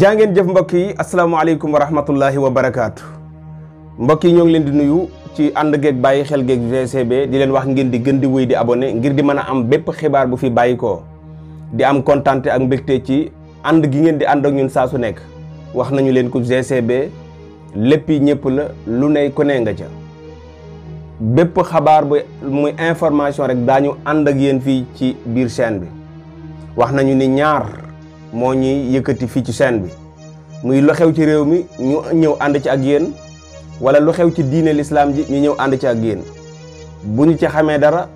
jaa ngeen jëf mbokk yi asalaamaaleykum wa rahmatullahi wa barakaatu mbokk yi ñoo ngi leen di nuyu ci ànd geeg bàyyi xel geeg VCB di leen wax ngeen di gën di wéy di abone ngir di mën a am bépp xibaar bu fi bàyyi ko di am kontaan ak mbégte ci ànd gi ngeen di ànd ak ñun saa su nekk wax nañu leen ko VCB léppi ñëpp la lu ne ku ne nga ca bépp xabaar bu muy information rek daañu ànd ak yéen fii ci biir chaîne bi wax nañu ni ñaar. moo ñuy yëkkati fii ci chaîne bi muy lu xew ci réew mi ñu ñëw ànd ci ak yéen wala lu xew ci diine lislaam ji ñu ñëw ànd ci ak yéen bu ñu ci xamee dara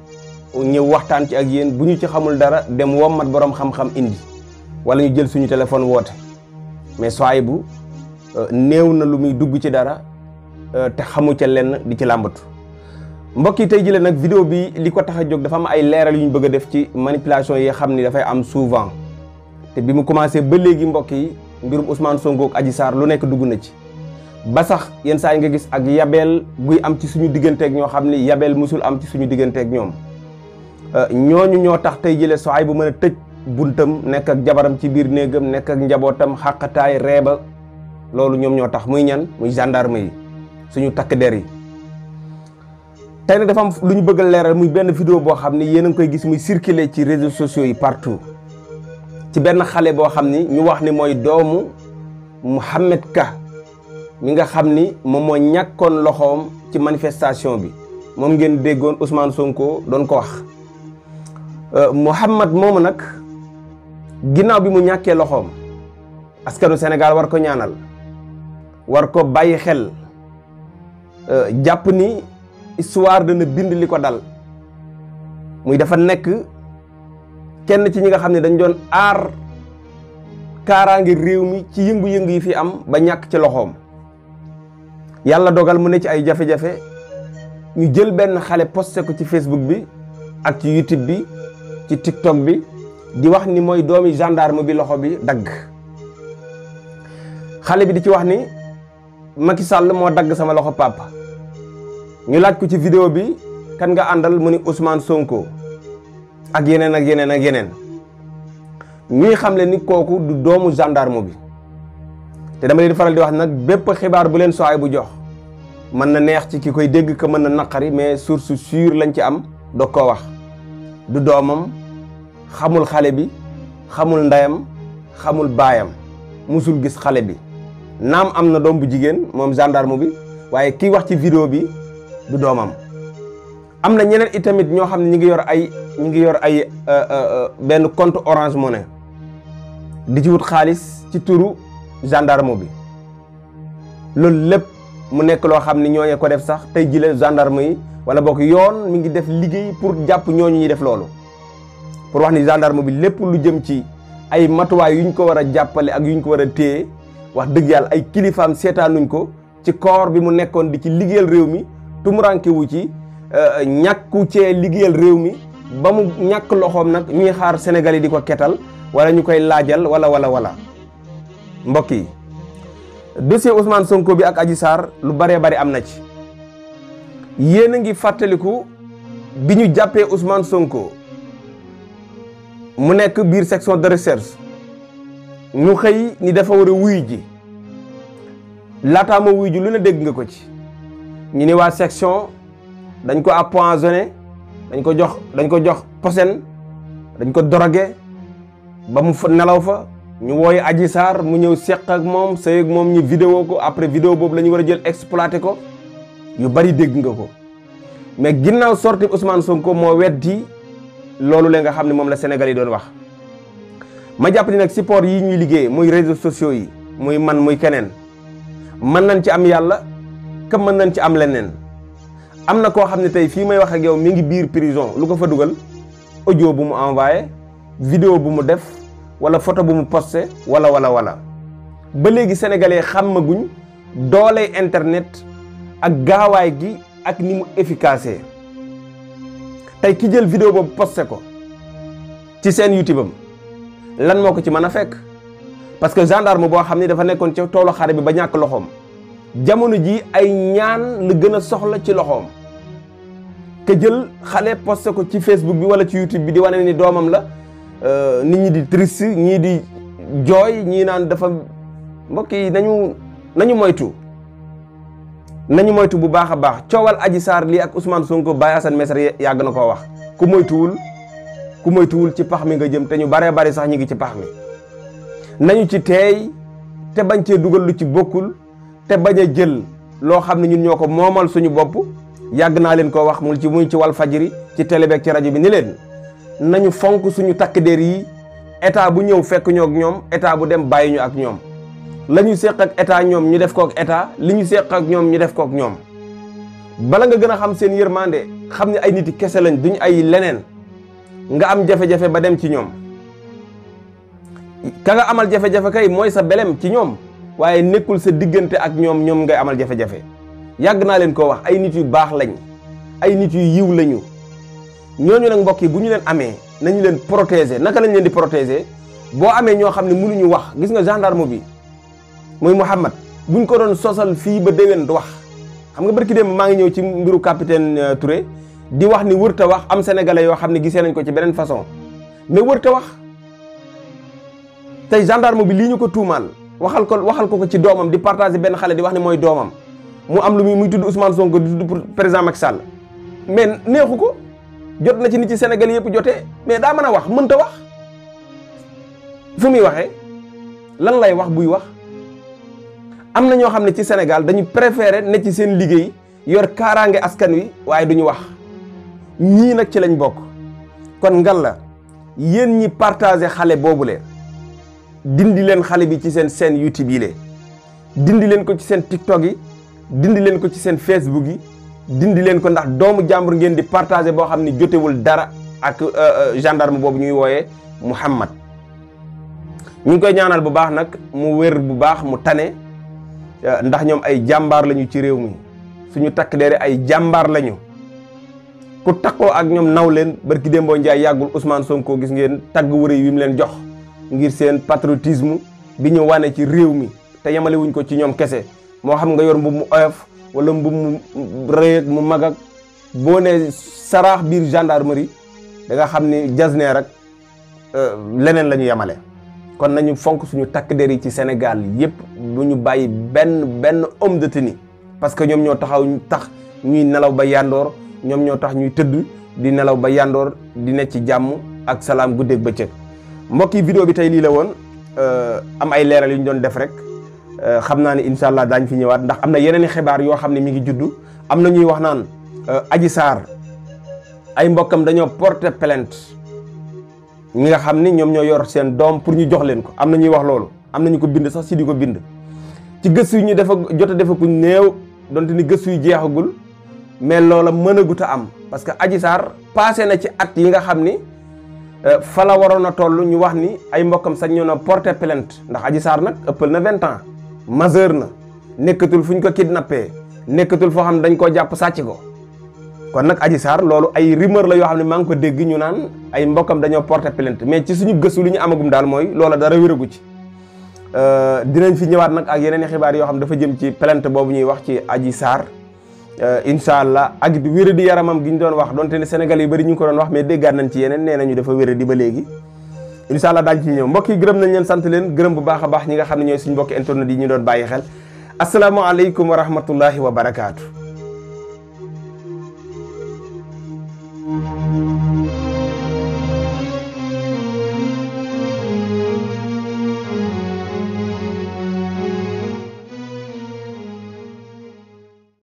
ñëw waxtaan ci ak yéen bu ñu ci xamul dara dem wommat boroom xam-xam indi wala ñu jël suñu téléphone woote mais bu euh, néew na lu muy dugg ci dara euh, te xamu ca lenn di ci làmbatu mbokk yi tey jëlee nag vidéo bi li ko tax a jóg dafa am ay leeral yu ñu bëgg a def ci manipulation yi xam ni dafay am souvent te bi mu commencé ba léegi mbokk yi mbirum Ousmane Sonko ak Adji lu nekk dugg na ci ba sax yenn saa yi nga gis ak yabeel guy am ci suñu digganteeg ñoo xam ni yabeel musul am ci suñu digganteeg ñoom euh, ñooñu ñoo tax tey jële jëlee ay bu mën a tëj buntam nekk ak jabaram ci biir néegam nekk ak njabootam xàqataay reeba loolu ñoom ñoo tax muy ñan muy gendarme yi suñu takk der yi. tey nag dafa lu ñu bëgg leeral mu benn vidéo boo xam ni yéen a ngi koy gis muy circuler ci réseaux sociaux yi partout. ci benn xale boo xam ni ñu wax ni mooy doomu Mouhamed Ka mi nga xam ni moom moo ñàkkoon loxoom ci manifestation bi moom ngeen déggoon Ousmane Sonko doon ko wax euh, Mouhamed moomu nag ginnaaw bi mu ñàkkee loxoom askanu Sénégal war ko ñaanal war ko bàyyi xel euh, jàpp ni histoire dana bind li ko dal muy dafa nekk kenn ci ñi nga xam ne dañ doon aar kaaraange réew mi ci yëngu-yëngu yi fi am ba ñàkk ci loxoom yàlla dogal mu ne ci ay jafe-jafe ñu jël benn xale posté ko ci Facebook bi ak ci YouTube bi ci TikTok bi di wax ni mooy doomi gendarme bi loxo bi dagg xale bi di ci wax ni Macky Sall moo dagg sama loxo papa ñu laaj ko ci vidéo bi kan nga àndal mu ni Ousmane Sonko. ak yeneen ak yeneen ak yeneen ñuy xamle ni kooku du doomu gendarme bi te dama leen faral di wax nag bépp xibaar bu leen soxaay bu jox mën na neex ci ki koy dégg que mën na naqari mais su suur lañ ci am doog koo wax du doomam xamul xale bi xamul ndeyam xamul baayam mosul gis xale bi naam am na doom bu jigéen moom gendarme bi waaye kiy wax ci vidéo bi du doomam am na ñeneen itamit ñoo xam ne ñu ngi yor ay ñu ngi yor ay euh, euh, euh, benn compte orange money di ci wut xaalis ci turu gendarme bi loolu lépp mu nekk loo xam ne ñooñu ko def sax tey ji la gendarme yi wala bokk yoon mi ngi def liggéey pour jàpp ñooñu ñuy def loolu pour wax ni gendarme bi lépp lu jëm ci ay matuwaay yu ñu ko war a jàppale ak yu ñu ko war a téye wax dëgg yàlla ay kilifaam seetaanuñ ko ci koor bi mu nekkoon di ci liggéeyal réew mi tumuranke wu ci ñàkku cee liggéeyal réew mi ba mu ñàkk loxoom nag ñuy xaar Sénégal yi di ko ketal wala ñu koy laajal wala wala wala mbokk yi dossier Ousmane Sonko bi ak aji saar lu baree bari am na ci yéen a ngi fàttaliku bi ñu jàppee Ousmane Sonko mu nekk biir section de recherche ñu xëy ni dafa war a wuy ji laataama wuy ji lu ne dégg nga ko ci ñu ne waa section dañ ko empoisonné dañ ko jox dañ ko jox posen dañ ko dorogé ba mu fa nelaw fa ñu wooye Adji Sarr mu ñëw seq ak moom sëy ak moom ñu vidéo ko après vidéo boobu la ñu war a jël exploité ko yu bari dégg nga ko mais ginnaaw sorti Ousmane Sonko moo weddi loolu la nga xam ne moom la Sénégal yi doon wax ma jàpp ni nag support yi ñuy liggéey muy réseaux sociaux yi muy man muy keneen mën nañ ci am yàlla ka mën nañ ci am leneen am na koo xam ne tey fii may wax ak yow mi ngi biir prison lu ko fa dugal audio bu mu envoyé video bu mu def wala photo bu mu posté wala wala wala ba léegi sénégalais xàmmaguñ doole internet ak gaawaay gi ak ni mu efficace tey ki jël vidéo bu posté ko ci seen YouTube am lan moo ko ci mën a fekk parce que gendarme boo xam ne dafa nekkoon ci toolu xare bi ba ñàkk loxoom. jamono ji ay ñaan la gën a soxla ci loxoom ke jël xale posté ko ci Facebook bi wala ci YouTube bi di wane ni doomam la euh, nit ñi di triste ñii di jooy ñii naan dafa mbokk yi nañu nañu moytu nañu moytu bu baax a baax coowal aji Sarr lii ak Ousmane Sonko Baye Assane Mesere yàgg na koo wax ku moytuwul ku moytuwul ci pax mi nga jëm te ñu baree bari sax ñu ngi ci pax mi nañu ci teey te bañ cee dugal lu ci bokkul. te bañ a jël loo xam ne ñu ñoo ko moomal suñu bopp yàgg naa leen koo wax mu ci muy ci wal fajiri ci telebeek ci rajo bi ni leen nañu fonk suñu takk der yi état bu ñëw fekk ñoo ñoom état bu dem bàyyi ak ñoom la ñu seq ak état ñoom ñu def ko ak état li ñu seq ak ñoom ñu def ko ak ñoom bala nga gën a xam seen yërmande xam ne ay nit kese lañ duñ ay leneen nga am jafe-jafe ba dem ci ñoom ka nga amal jafe-jafe kay mooy sa belem ci ñoom. waaye nekkul sa diggante ak ñoom ñoom ngay amal jafe-jafe yàgg naa leen koo wax ay nit yu baax lañ ay nit yu yiw lañu ñooñu nag mbokk yi bu ñu leen amee nañu leen protéger naka lañ leen di protéger boo amee ñoo xam ne mënuñu wax gis nga gendarme bi muy Mouhamad buñ ko doon sosal fii ba déwén du wax xam nga barki dem maa ngi ñëw ci mbiru capitaine euh, ture di wax ni wërta wax am sénégalais yoo xam ne gisee nañ ko ci beneen façon mais wërta wax te gendarme bi lii ñu ko tuumaal. waxal ko waxal ko ko ci doomam di partager benn xale di wax ne mooy doomam mu am lu muy muy tudd Ousmane Sonko di tudd président Macky Sall mais neexu ko jot na ci nit ci Sénégal yëpp jotee mais daa mën a wax mënta wax fu muy waxee lan lay wax buy wax am na ñoo xam ne ci Sénégal dañu préféré ne ci seen liggéey yor kaaraange askan wi waaye du ñu wax ñii nag ci lañ bokk kon ngal la yéen ñi partagé xale boobu boobule dindi leen xale bi ci seen seen YouTube yi lee dindi leen ko ci seen TikTok yi dindi leen ko ci seen Facebook yi dindi leen ko ndax doomu jàmbur ngeen di partagé boo xam ni jotewul dara ak euh, euh, gendarme boobu ñuy wooyee Muhammad ñu ngi koy ñaanal bu baax nag mu wér bu baax mu tane euh, ndax ñoom ay jàmbaar lañu ci réew mi suñu takk deere ay jàmbaar lañu ku takkoo ak ñoom naw leen barki Dembo Ndiaye yàggul Ousmane Sonko gis ngeen tagg wërëy wi mu leen jox ngir seen patriotisme bi ñëw wane ci réew mi te yemale wuñ ko ci ñoom kese moo xam nga yor mbubb mu oyof wala mbubb mu rëy mu mag ak boo ne saraax biir gendarmerie da nga xam ni jasne rek euh, leneen la ñu yemale kon nañu fonk suñu takk der yi ci Sénégal yépp bu ñu bàyyi benn benn homme de tenue parce que ñoom ñoo taxaw tax ñuy nelaw ba yandoor ñoom ñoo tax ñuy tëdd di nelaw ba yandoor di ne ci jàmm ak salaam guddeeg bëccëg mbokki vidéo bi tey lii la woon euh, am ay leeral yu ñu doon def rek euh, xam naa ni incha allah daañ fi ñëwaat ndax am na yeneen i xibaar yoo xam ne mu ngi juddu am na ñuy wax naan euh, aji Sarr ay mbokkam dañoo porter plainte ñi nga xam ni ñoom ñoo yor seen doom pour ñu jox leen ko am na ñuy wax loolu am na ñu ko bind sax si di ko bind ci gëstu yi ñu defa jot defaguñ néew donte ni gëstu yu jeexagul mais loola mën a gut a am parce que Adji Sarr passé na ci at yi nga xam ni. Euh, fa la waroon a toll ñu wax ni ay mbokkam sañ ñu na porter plainte ndax Adji saar nag ëppal na vingt ans majeur na nekkatul fu ñu ko kii nappee nekkatul foo xam ne dañ koo jàpp sàcc ko kon nag Adji Sarr loolu ay rumeur la yoo xam ne maa ngi ko dégg ñu naan ay mbokkam dañoo porte plainte mais ci suñu gëstu li ñu amagum daal mooy loola dara wéragu ci euh, dinañ fi ñëwaat nag ak yeneen i xibaar yoo xam dafa jëm ci plainte boobu ñuy wax ci aji saar Euh, incha allah ak di wéradi yaramam gi ñu doon wax donte ne Sénégal yi bari ñu ko doon wax mais déggaat nañ ci yeneen nee nañu dafa wéradi ba léegi incha allah daañu ci ñëw mbokk gërëm nañ leen sant leen gërëm bu baax baax ñi nga xam ne ñooy suñu mbokki internet yi ñu doon bàyyi xel asalaamaaleykum wa rahmatullahi wa barakaatu